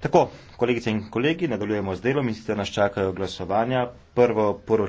tako kolegice in kolegi nadaljujemo z delom in sicer nas čakajo glasovanja prvo poročilo o delu parlamentarne skupine za nadzor finančnih trgov za leto.